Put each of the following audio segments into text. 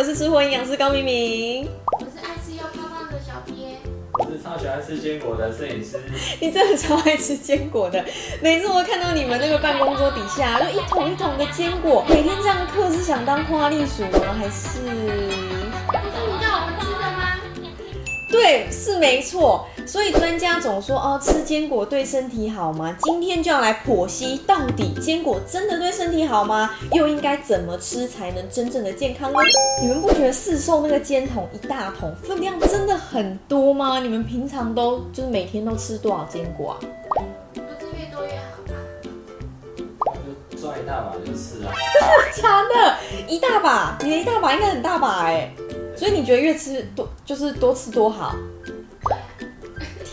我是吃貨營養師高敏敏，我是愛吃又胖胖的小編，我是超喜歡吃堅果的攝影師。你真的超愛吃堅果的，每次我看到你們那個辦公桌底下就一桶一桶的堅果，每天這樣嗑是想當花栗鼠嗎？還是不是你叫我們吃的嗎？對，是沒錯。所以專家總說哦，吃堅果對身體好嗎？今天就要來剖析到底堅果真的對身體好嗎？又應該怎麼吃才能真正的健康呢？你們不覺得市售那個堅果一大桶分量，真的很多嗎？你們平常都就是每天都吃多少堅果？啊？不是越多越好嗎？我就抓一大把就吃啊？ 真的？一大把？你的一大把應該很大把哎，欸。所以你覺得越吃多就是多吃多好？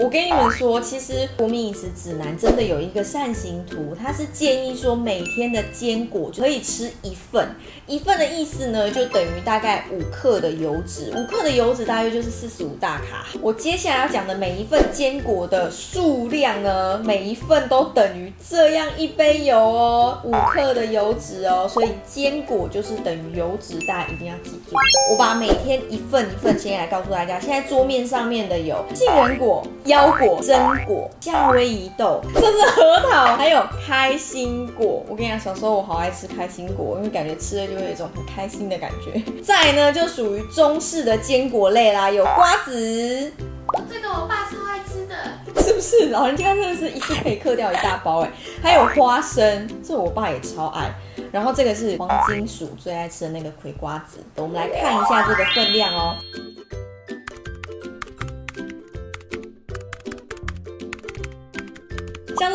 我跟你們說，其實國民飲食指南真的有一個扇形圖，它是建議說每天的堅果可以吃一份，一份的意思呢，就等於大概五克的油脂，五克的油脂大約就是四十五大卡。我接下來要講的每一份堅果的數量呢，每一份都等於這樣一杯油哦、喔，五克的油脂哦、喔，所以堅果就是等於油脂，大家一定要記住。我把每天一份一份先來告訴大家，現在桌面上面的有杏仁果。腰果、榛果、夏威夷豆，甚至核桃，還有開心果。我跟你講，小時候我好愛吃開心果，因為感覺吃了就會有一種很開心的感覺。再呢，就屬於中式的堅果類啦，有瓜子。這個我爸超愛吃的，是不是？老人家真的是一次可以嗑掉一大包哎、欸。還有花生，這我爸也超愛。然後這個是黃金鼠最愛吃的那個葵瓜子。我們來看一下這個分量哦。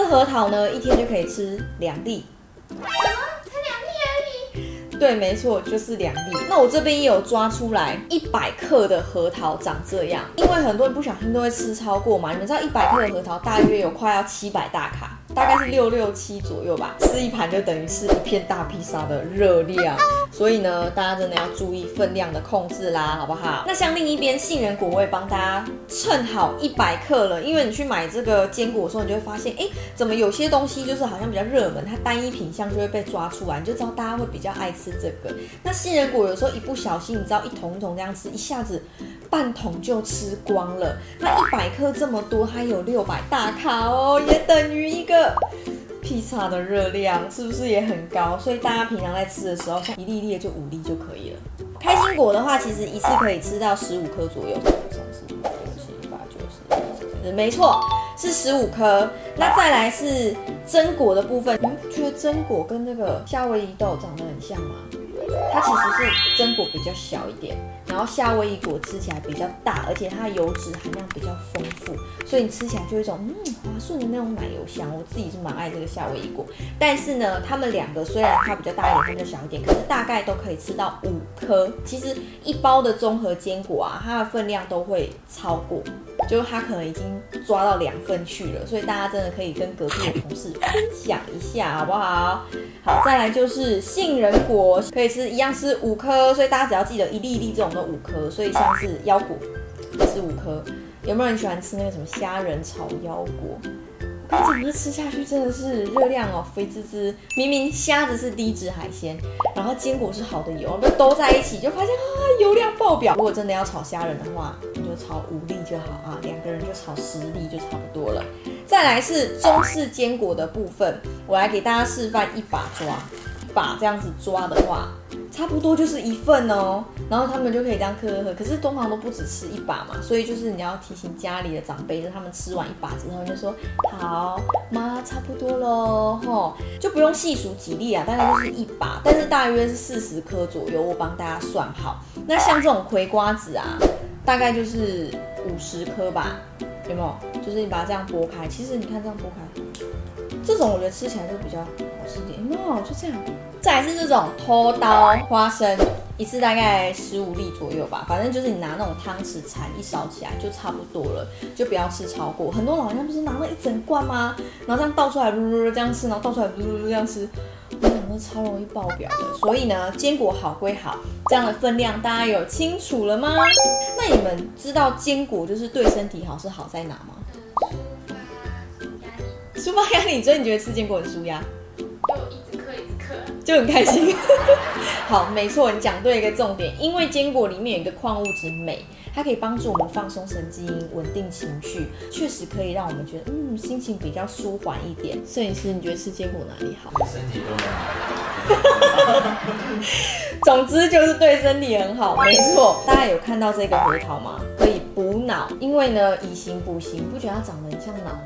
核桃呢，一天就可以吃兩粒。哦，才兩粒而已。對，沒錯，就是兩粒。那我這邊也有抓出來一百克的核桃，長這樣。因為很多人不小心都會吃超過嘛。你們知道，一百克的核桃大約有快要七百大卡。大概是六六七左右吧，吃一盤就等於是一片大披薩的熱量，所以呢，大家真的要注意分量的控制啦，好不好？那像另一邊杏仁果，我也幫大家稱好一百克了，因為你去買這個堅果的時候，你就會發現，哎、欸，怎麼有些東西就是好像比較熱門，它單一品項就會被抓出來，你就知道大家會比較愛吃這個。那杏仁果有時候一不小心，你知道一桶一桶這樣吃，一下子半桶就吃光了。那一百克這麼多，它有六百大卡哦，也等於一個。披薩的熱量是不是也很高？所以大家平常在吃的時候，像一粒粒的，就五粒就可以了。開心果的話，其實一次可以吃到十五顆左右。五六七八九沒錯。是十五顆，那再來是榛果的部分。你、嗯、們覺得榛果跟那個夏威夷豆長得很像嗎？它其實是榛果比較小一點，然後夏威夷果吃起來比較大，而且它的油脂含量比較豐富，所以你吃起來就有一種嗯滑順、啊、的那種奶油香。我自己是蠻愛這個夏威夷果，但是呢，它們兩個雖然它比較大一點，它就小一點，可是大概都可以吃到五顆。其實一包的綜合堅果啊，它的分量都會超過。就他可能已經抓到兩份去了，所以大家真的可以跟隔壁的同事分享一下，好不好？好，再來就是杏仁果可以吃一樣吃五顆，所以大家只要記得一粒粒這種都五顆，所以像是腰果也吃五顆，有沒有人喜歡吃那個什麼蝦仁炒腰果？一整個吃下去真的是熱量哦，肥滋滋。明明蝦子是低脂海鮮，然後堅果是好的油，都在一起就發現啊，油量爆表。如果真的要炒蝦仁的話，你就炒五粒就好啊，兩個人就炒十粒就差不多了。再來是中式堅果的部分，我來給大家示範一把抓。把這樣子抓的話，差不多就是一份哦，然後他們就可以這樣嗑嗑。可是通常都不止吃一把嘛，所以就是你要提醒家裡的長輩，就是、他們吃完一把之後就說，好，媽差不多嘍，吼，就不用細數幾粒啊，大概就是一把，但是大約是四十顆左右，我幫大家算好。那像這種葵瓜子啊，大概就是五十顆吧，有沒有？就是你把它這樣剝開，其實你看這樣剝開。這種我覺得吃起來是比較好吃點，no 就這樣。再來是這種脫刀花生，一次大概十五粒左右吧，反正就是你拿那種湯匙鏟一勺起來就差不多了，就不要吃超過。很多老人家不是拿了一整罐嗎？然後這樣倒出來嚕嚕這樣吃，然後倒出來嚕嚕這樣吃，真超容易爆表的。所以呢，堅果好歸好，這樣的分量大家有清楚了嗎？那你們知道堅果就是對身體好是好在哪嗎？舒壓？你真的覺得吃堅果很舒壓？就、哦、一直嗑，一直嗑，就很開心。 好，沒錯，你講對一個重點，因為堅果裡面有一個礦物質鎂，它可以幫助我們放鬆神經、穩定情緒，確實可以讓我們覺得嗯，心情比較舒緩一點。攝影師，你覺得吃堅果哪裡好？就是、身體都很好。 總之就是對身體很好，沒錯。大家有看到這個核桃嗎？可以補腦，因為呢以形補形，不覺得它長得很像腦嗎？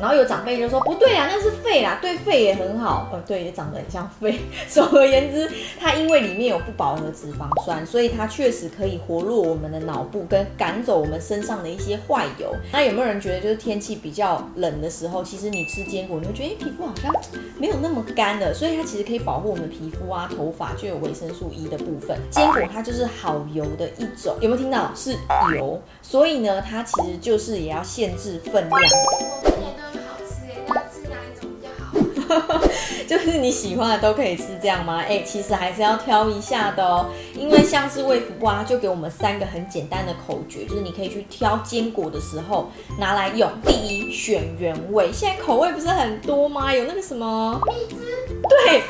然後有長輩就說不對啊，那是肺啦，對肺也很好，呃、哦，對，也長得很像肺。總 而言之，它因為裡面有不飽和脂肪酸，所以它確實可以活絡我們的腦部跟趕走我們身上的一些壞油。那有沒有人覺得就是天氣比較冷的時候，其實你吃堅果，你會覺得、欸、皮膚好像沒有那麼乾了，所以它其實可以保護我們的皮膚啊、頭髮就有維生素 E 的部分。堅果它就是好油的一種，有沒有聽到？是油。所以呢，它其實就是也要限制分量。 就是你喜歡的都可以吃這樣嗎？哎、欸，其實還是要挑一下的哦、喔，因為像是衛福部、啊、就給我們三個很簡單的口訣，就是你可以去挑堅果的時候拿來用。第一，選原味，現在口味不是很多嗎？有那個什麼蜜汁，對，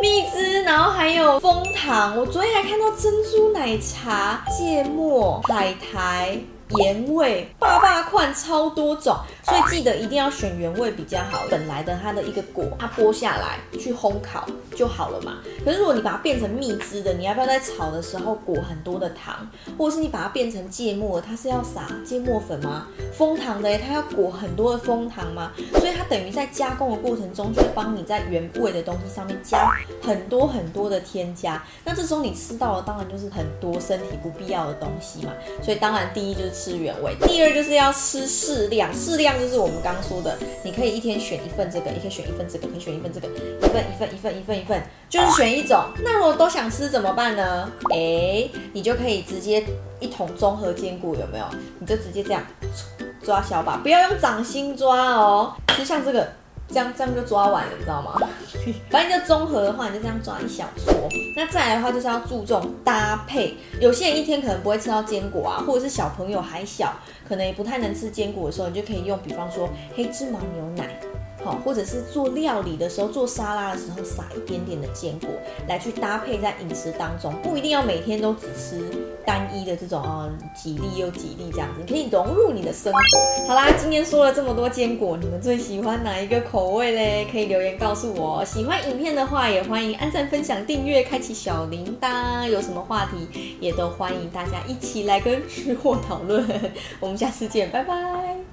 蜜汁，然後還有楓糖。我昨天還看到珍珠奶茶、芥末、海苔、鹽味、爸爸罐，超多種。所以記得一定要選原味比較好，本來的它的一個果，它剝下來去烘烤就好了嘛。可是如果你把它變成蜜汁的，你要不要在炒的時候裹很多的糖？或者是你把它變成芥末的，它是要撒芥末粉嗎？蜂糖的、欸，它要裹很多的蜂糖嗎？所以它等於在加工的過程中，就幫你在原味的東西上面加很多很多的添加。那這時候你吃到了，當然就是很多身體不必要的東西嘛。所以當然第一就是吃原味，第二就是要吃適量，適量。就是我們剛說的，你可以一天選一份這個，也可以選一份這個，可以選一份這個，一份一份一份一份一份，就是選一種。那如果都想吃怎麼辦呢？哎、欸，你就可以直接一桶綜合堅果，有沒有？你就直接這樣抓小把，不要用掌心抓哦，就像這個。這樣這樣就抓完了，你知道嗎？ 反正就綜合的話，你就這樣抓一小撮。那再來的話，就是要注重搭配。有些人一天可能不會吃到堅果啊，或者是小朋友還小，可能也不太能吃堅果的時候，你就可以用，比方說黑芝麻牛奶。或者是做料理的時候，做沙拉的時候撒一點點的堅果來去搭配在飲食當中，不一定要每天都只吃單一的這種啊、哦、幾粒又幾粒這樣子，你可以融入你的生活。好啦，今天說了這麼多堅果，你們最喜歡哪一個口味嘞？可以留言告訴我。喜歡影片的話，也歡迎按讚、分享、訂閱、開啟小鈴鐺。有什麼話題，也都歡迎大家一起來跟吃貨討論。 我們下次見，拜拜。